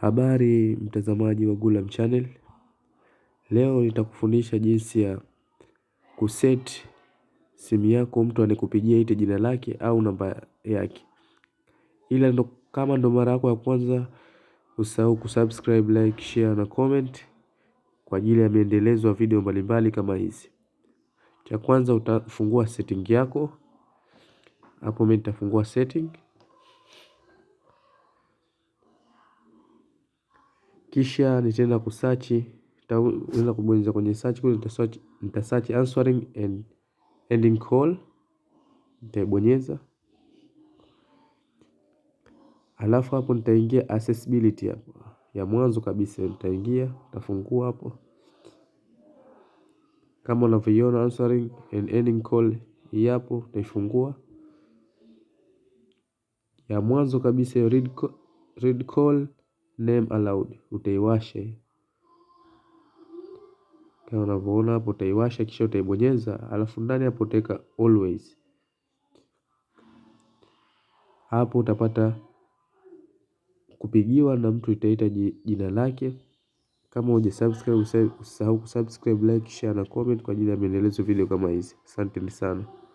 Habari mtazamaji wa Gulam Channel. Leo nitakufundisha jinsi ya kuset simu yako mtu anikupigia ite jina lake au namba yake. Ila ndo kama ndo mara yako ya kwanza, usahau kusubscribe, like, share na comment kwa ajili ya miendelezo ya video mbalimbali kama hizi. Cha kwanza utafungua setting yako. Hapo mimi nitafungua setting. Kisha nitaenda kusachi, nitaenda kubonyeza kwenye search kule nitasearch answering and ending call. Nitaibonyeza. Alafu hapo nitaingia accessibility hapo. Ya mwanzo kabisa nitaingia, nitafungua hapo. Kama unavyoiona answering and ending call hii hapo Ya mwanzo kabisa read call name allowed utaiwashe kama unavyoona hapo, utaiwasha kisha utaibonyeza, alafu ndani hapo utaweka always. Hapo utapata kupigiwa na mtu itaita jina lake. Kama subscribe, usisahau kusubscribe, like, share na comment kwa ajili ya maendelezo video kama hizi. Asanteni sana.